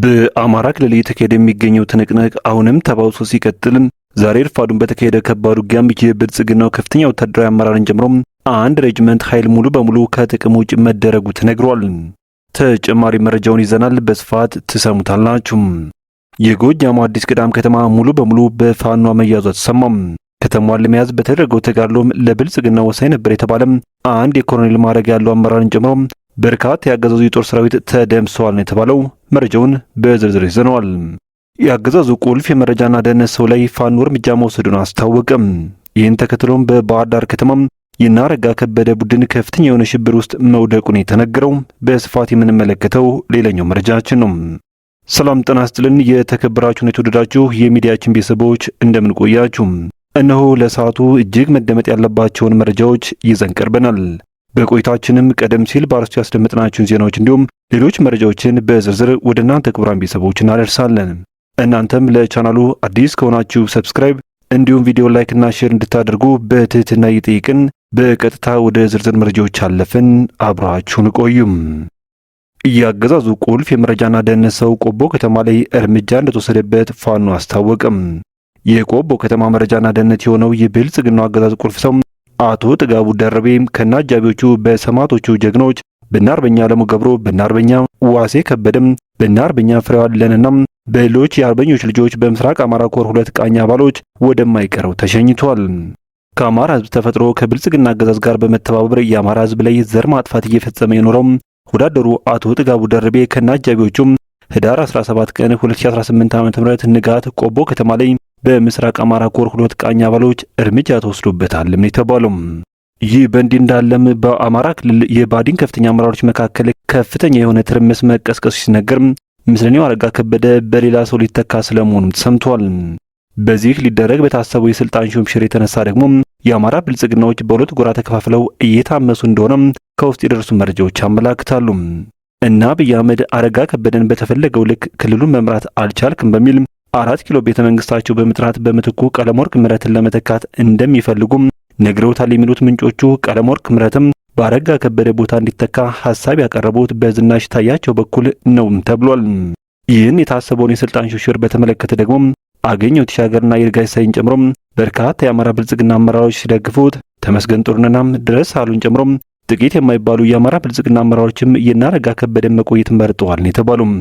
በአማራ ክልል እየተካሄደ የሚገኘው ትንቅንቅ አሁንም ተባብሶ ሲቀጥል ዛሬ እርፋዱን በተካሄደ ከባድ ውጊያም የብልጽግናው ከፍተኛ ወታደራዊ አመራርን ጨምሮ አንድ ሬጅመንት ኃይል ሙሉ በሙሉ ከጥቅም ውጭ መደረጉ ተነግሯል። ተጨማሪ መረጃውን ይዘናል፣ በስፋት ትሰሙታላችሁ። የጎጃሙ አዲስ ቅዳም ከተማ ሙሉ በሙሉ በፋኗ መያዟ ተሰማም። ከተማዋን ለመያዝ በተደረገው ተጋድሎም ለብልጽግና ወሳኝ ነበር የተባለም አንድ የኮሎኔል ማዕረግ ያለው አመራርን ጨምሮ በርካታ ያገዛዙ የጦር ሰራዊት ተደምሰዋል ነው የተባለው። መረጃውን በዝርዝር ይዘነዋል። የአገዛዙ ቁልፍ የመረጃና ደህንነት ሰው ላይ ፋኖ እርምጃ መውሰዱን አስታወቀም። ይህን ተከትሎም በባህር ዳር ከተማም የናረጋ ከበደ ቡድን ከፍተኛ የሆነ ሽብር ውስጥ መውደቁን የተነገረው በስፋት የምንመለከተው ሌላኛው መረጃችን ነው። ሰላም ጤና ይስጥልን። የተከበራችሁን የተወደዳችሁ የሚዲያችን ቤተሰቦች እንደምን ቆያችሁ? እነሆ ለሰዓቱ እጅግ መደመጥ ያለባቸውን መረጃዎች ይዘን ቀርበናል። በቆይታችንም ቀደም ሲል በአርስቱ ያስደመጥናችሁን ዜናዎች እንዲሁም ሌሎች መረጃዎችን በዝርዝር ወደ እናንተ ክቡራን ቤተሰቦች እናደርሳለን። እናንተም ለቻናሉ አዲስ ከሆናችሁ ሰብስክራይብ፣ እንዲሁም ቪዲዮ ላይክ እና ሼር እንድታደርጉ በትህትና እየጠየቅን በቀጥታ ወደ ዝርዝር መረጃዎች አለፍን። አብራችሁን ቆዩም። እያገዛዙ ቁልፍ የመረጃና ደህንነት ሰው ቆቦ ከተማ ላይ እርምጃ እንደተወሰደበት ፋኖ አስታወቀም። የቆቦ ከተማ መረጃና ደህንነት የሆነው የብልጽግናው አገዛዝ ቁልፍ ሰው አቶ ጥጋቡ ደርቤም ከነ አጃቢዎቹ በሰማዕቶቹ ጀግኖች በእነ አርበኛ አለሙ ገብሮ፣ በእነ አርበኛ ዋሴ ከበደም፣ በእነ አርበኛ ፍሬው አለንናም በሌሎች የአርበኞች ልጆች በምስራቅ አማራ ኮር ሁለት ቃኝ አባሎች ወደማይቀረው ተሸኝቷል። ከአማራ ህዝብ ተፈጥሮ ከብልጽግና አገዛዝ ጋር በመተባበር የአማራ ህዝብ ላይ ዘር ማጥፋት እየፈጸመ የኖረው ወዳደሩ አቶ ጥጋቡ ደርቤ ከናጃቢዎቹ ህዳር 17 ቀን 2018 ዓ.ም ንጋት ቆቦ ከተማ ላይ በምስራቅ አማራ ኮር ሁለት ቃኝ አባሎች እርምጃ ተወስዶበታልም ነው የተባለው። ይህ በእንዲህ እንዳለም በአማራ ክልል የባዲን ከፍተኛ አመራሮች መካከል ከፍተኛ የሆነ ትርምስ መቀስቀሱ ሲነገር ምስለኔው አረጋ ከበደ በሌላ ሰው ሊተካ ስለመሆኑም ተሰምቷል። በዚህ ሊደረግ በታሰቡ የስልጣን ሹምሽር የተነሳ ደግሞ የአማራ ብልጽግናዎች በሁለት ጎራ ተከፋፍለው እየታመሱ እንደሆነ ከውስጥ የደረሱ መረጃዎች አመላክታሉ። እና አብይ አህመድ አረጋ ከበደን በተፈለገው ልክ ክልሉን መምራት አልቻልክም በሚል አራት ኪሎ ቤተ መንግስታቸው በመጥራት በምትኩ ቀለም ምረትን ለመተካት እንደሚፈልጉም ነግረውታል የሚሉት ምንጮቹ ቀለም ምረትም በአረጋ ከበደ ቦታ እንዲተካ ሀሳብ ያቀረቡት በዝናሽ ታያቸው በኩል ነው ተብሏል። ይህን የታሰበውን የስልጣን ሹሽር በተመለከተ ደግሞ አገኘው ተሻገርና ይርጋይ ሳይን ጨምሮ በርካታ የአማራ ብልጽግና አመራሮች ሲደግፉት ተመስገን ጥሩነህና ድረስ አሉን ጨምሮ ጥቂት የማይባሉ የአማራ ብልጽግና አመራሮችም የናረጋ ከበደን መቆየት መርጠዋል የተባሉም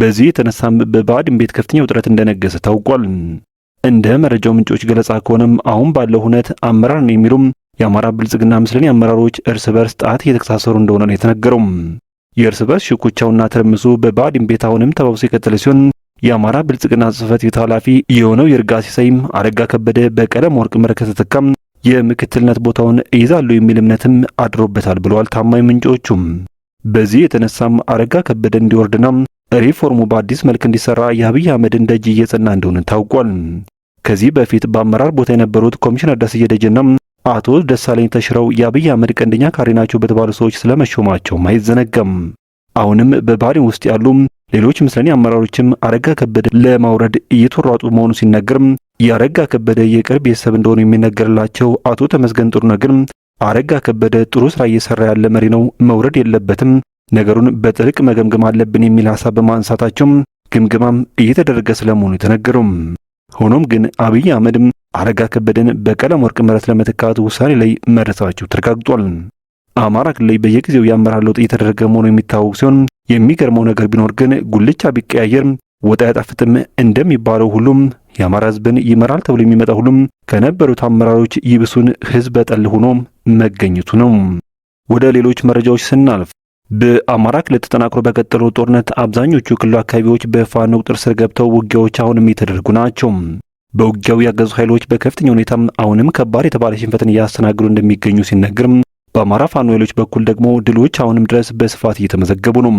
በዚህ የተነሳም በብአዴን ቤት ከፍተኛ ውጥረት እንደነገሰ ታውቋል። እንደ መረጃው ምንጮች ገለጻ ከሆነም አሁን ባለው ሁነት አመራር ነው የሚሉም የአማራ ብልጽግና ምስለኔ አመራሮች እርስ በርስ ጣት እየተከሳሰሩ እንደሆነ ነው የተነገረው። የእርስ በርስ ሽኩቻውና ትርምሱ በብአዴን ቤት አሁንም ተባብሶ የቀጠለ ሲሆን የአማራ ብልጽግና ጽፈት ቤት ኃላፊ የሆነው ይርጋ ሲሳይም አረጋ ከበደ በቀለም ወርቅ መረከት ተተካም የምክትልነት ቦታውን ይዛሉ የሚል እምነትም አድሮበታል ብለዋል ታማኝ ምንጮቹም። በዚህ የተነሳም አረጋ ከበደ እንዲወርድና ሪፎርሙ በአዲስ መልክ እንዲሰራ የአብይ አህመድን ደጅ እየጸና እንደሆነ ታውቋል። ከዚህ በፊት በአመራር ቦታ የነበሩት ኮሚሽነር ደስዬ ደጅና አቶ ደሳለኝ ተሽረው የአብይ አህመድ ቀንደኛ ካሪ ናቸው በተባሉ ሰዎች ስለመሾማቸውም አይዘነጋም። አሁንም በባህሪን ውስጥ ያሉ ሌሎች ምስለኔ አመራሮችም አረጋ ከበደ ለማውረድ እየተሯጡ መሆኑ ሲነገርም የአረጋ ከበደ የቅርብ ቤተሰብ እንደሆኑ የሚነገርላቸው አቶ ተመስገን ጥሩነህ ግን አረጋ ከበደ ጥሩ ስራ እየሰራ ያለ መሪ ነው፣ መውረድ የለበትም ነገሩን በጥልቅ መገምገም አለብን የሚል ሀሳብ በማንሳታቸውም ግምገማም እየተደረገ ስለመሆኑ የተነገሩም። ሆኖም ግን አብይ አህመድም አረጋ ከበደን በቀለም ወርቅ መሬት ለመተካት ውሳኔ ላይ መድረሳቸው ተረጋግጧል። አማራ ክልል በየጊዜው የአመራር ለውጥ እየተደረገ መሆኑ የሚታወቅ ሲሆን የሚገርመው ነገር ቢኖር ግን ጉልቻ ቢቀያየር ወጥ አያጣፍጥም እንደሚባለው ሁሉም የአማራ ህዝብን ይመራል ተብሎ የሚመጣ ሁሉም ከነበሩት አመራሮች ይብሱን ህዝብ ጠል ሆኖ መገኘቱ ነው። ወደ ሌሎች መረጃዎች ስናልፍ በአማራ ክልል ተጠናክሮ በቀጠለው ጦርነት አብዛኞቹ የክልሉ አካባቢዎች በፋኖ ቁጥር ስር ገብተው ውጊያዎች አሁንም እየተደረጉ ናቸው። በውጊያው ያገዙ ኃይሎች በከፍተኛ ሁኔታ አሁንም ከባድ የተባለ ሽንፈትን እያስተናግዱ እንደሚገኙ ሲነገርም፣ በአማራ ፋኖ ኃይሎች በኩል ደግሞ ድሎች አሁንም ድረስ በስፋት እየተመዘገቡ ነው።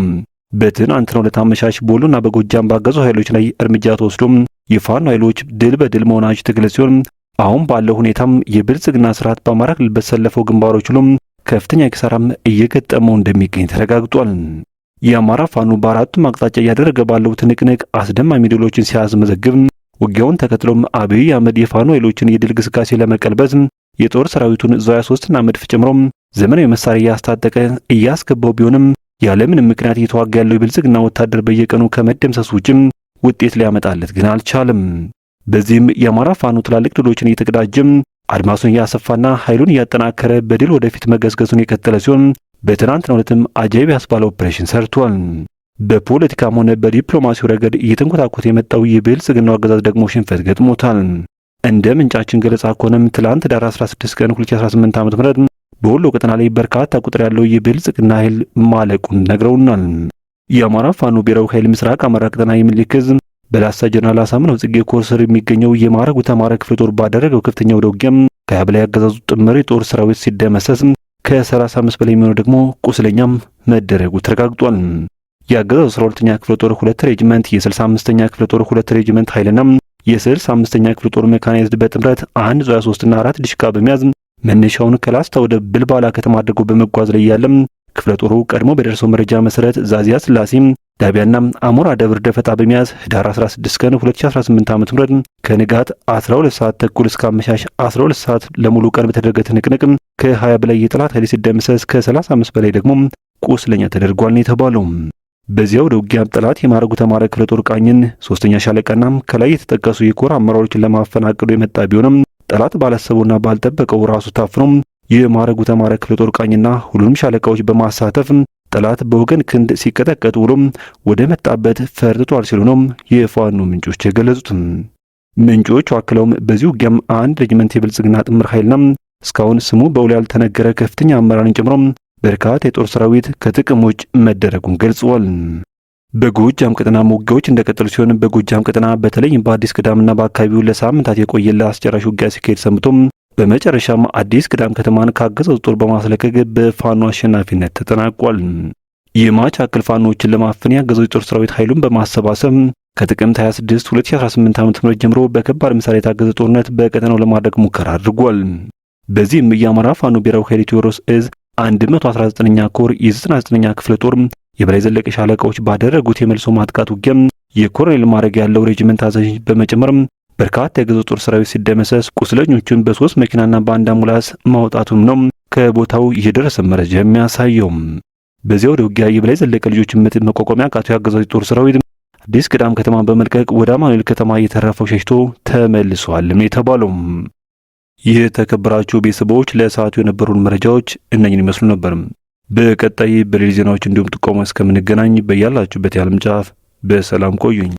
በትናንትናው ዕለት አመሻሽ በወሎና በጎጃም ባገዙ ኃይሎች ላይ እርምጃ ተወስዶም የፋኖ ኃይሎች ድል በድል መሆናቸው ተገለጸ ሲሆን አሁን ባለው ሁኔታም የብልጽግና ስርዓት በአማራ ክልል በተሰለፈው ግንባሮች ሁሉም ከፍተኛ ኪሳራም እየገጠመው እንደሚገኝ ተረጋግጧል። የአማራ ፋኖ በአራቱም አቅጣጫ እያደረገ ባለው ትንቅንቅ አስደማሚ ድሎችን ሲያስመዘግብ ውጊያውን ተከትሎም አብይ አህመድ የፋኖ ኃይሎችን የድል ግስጋሴ ለመቀልበስ የጦር ሰራዊቱን ዘ 23ና መድፍ ጨምሮ ዘመናዊ መሳሪያ እያስታጠቀ እያስገባው ቢሆንም ያለምንም ምክንያት እየተዋጋ ያለው የብልጽግና ወታደር በየቀኑ ከመደምሰስ ውጭም ውጤት ሊያመጣለት ግን አልቻለም። በዚህም የአማራ ፋኖ ትላልቅ ድሎችን እየተቀዳጀም አድማሱን እያሰፋና ኃይሉን እያጠናከረ በድል ወደፊት መገዝገዙን የቀጠለ ሲሆን በትናንትናው ዕለትም አጃቢ ያስባለ ኦፕሬሽን ሰርቷል። በፖለቲካም ሆነ በዲፕሎማሲው ረገድ እየተንኮታኮተ የመጣው የብልጽግናው አገዛዝ ደግሞ ሽንፈት ገጥሞታል። እንደ ምንጫችን ገለጻ ከሆነም ትላንት ዳር 16 ቀን 2018 ዓ ም በወሎ ቀጠና ላይ በርካታ ቁጥር ያለው የብልጽግና ኃይል ማለቁን ነግረውናል። የአማራ ፋኖ ብሔራዊ ኃይል ምስራቅ አማራ ቀጠና የምልክዝ በላስታ ጀነራል አሳምነው ጽጌ ኮርሰር የሚገኘው የማዕረጉ ተማረ ክፍለ ጦር ባደረገው ከፍተኛ ወደ ውጊያም ከሀያ በላይ አገዛዙ ጥምር የጦር ሰራዊት ሲደመሰስ ከ35 በላይ የሚሆነው ደግሞ ቁስለኛም መደረጉ ተረጋግጧል። የአገዛዙ 12ኛ ክፍለ ጦር ሁለት ሬጅመንት፣ የ65ኛ ክፍለ ጦር ሁለት ሬጅመንት ኃይልና የ65ኛ ክፍለ ጦር ሜካናይዝድ በጥምረት አንድ ዙ 4 እና አራት በመያዝ መነሻውን ከላስታ ወደ ብልባላ ከተማ አድርጎ በመጓዝ ላይ ያለም ክፍለ ጦሩ ቀድሞ በደርሰው መረጃ መሰረት ዛዚያ ስላሴም ዳቢያና አሞራ ደብር ደፈጣ በመያዝ ህዳር 16 ቀን 2018 ዓ.ም ከንጋት 12 ሰዓት ተኩል እስከ አመሻሽ 12 ሰዓት ለሙሉ ቀን በተደረገ ትንቅንቅም ከ20 በላይ የጠላት ኃይል ሲደመሰስ እስከ 35 በላይ ደግሞ ቁስለኛ ተደርጓል የተባለው። በዚያው ውጊያም ጠላት የማረጉ ተማረ ክፍለ ጦር ቃኝን ሶስተኛ ሻለቃና ከላይ የተጠቀሱ የኮር አመራሮችን ለማፈናቀሉ የመጣ ቢሆንም ጠላት ባላሰበውና ባልጠበቀው ራሱ ታፍኖ የማረጉ ተማረ ክፍለ ጦር ቃኝና ሁሉንም ሻለቃዎች በማሳተፍ ጠላት በወገን ክንድ ሲቀጠቀጥ ውሎም ወደ መጣበት ፈርጥቷል ሲሉ ነው የፋኖ ምንጮች የገለጹት። ምንጮቹ አክለውም በዚህ ውጊያም አንድ ሬጅመንት የብልጽግና ጥምር ኃይልና እስካሁን ስሙ በውል ያልተነገረ ከፍተኛ አመራርን ጨምሮ በርካታ የጦር ሰራዊት ከጥቅም ውጭ መደረጉን ገልጸዋል። በጎጃም ቀጠና ውጊያዎች እንደቀጠሉ ሲሆን በጎጃም ቀጠና በተለይም በአዲስ ቅዳምና በአካባቢው ለሳምንታት የቆየላ አስጨራሽ ውጊያ ሲካሄድ ሰምቶም በመጨረሻም አዲስ ቅዳም ከተማን ካገዘው ጦር በማስለቀቅ በፋኖ አሸናፊነት ተጠናቋል። የማቻክል ፋኖዎችን ለማፈን ያገዘው የጦር ሰራዊት ኃይሉን በማሰባሰብ ከጥቅምት 26 2018 ዓ.ም ጀምሮ በከባድ ምሳሌ የታገዘ ጦርነት በቀጠናው ለማድረግ ሙከራ አድርጓል። በዚህም የአማራ ፋኖ ብሔራዊ ኃይል ቴዎድሮስ እዝ 119ኛ ኮር የ99ኛ ክፍለ ጦር የበላይ ዘለቀ ሻለቃዎች ባደረጉት የመልሶ ማጥቃት ውጊያም የኮሎኔል ማድረግ ያለው ሬጅመንት አዛዥ በመጨመር በርካታ የገዙ ጦር ሰራዊት ሲደመሰስ ቁስለኞቹን በሶስት መኪናና በአንድ አሙላስ ማውጣቱም ነው ከቦታው የደረሰ መረጃ የሚያሳየው። በዚያ ወደ ውጊያ የበላይ ዘለቀ ልጆች ምት መቋቋሚያ ቃቱ ያገዛዙ ጦር ሰራዊት አዲስ ቅዳም ከተማ በመልቀቅ ወደ አማኑኤል ከተማ እየተረፈው ሸሽቶ ተመልሷል ነው የተባለው። ይህ የተከበራችሁ ቤተሰቦች ለሰዓቱ የነበሩን መረጃዎች እነኝን ይመስሉ ነበር። በቀጣይ በሌሎች ዜናዎች እንዲሁም ጥቆማ እስከምንገናኝ በያላችሁበት የዓለም ጫፍ በሰላም ቆዩኝ።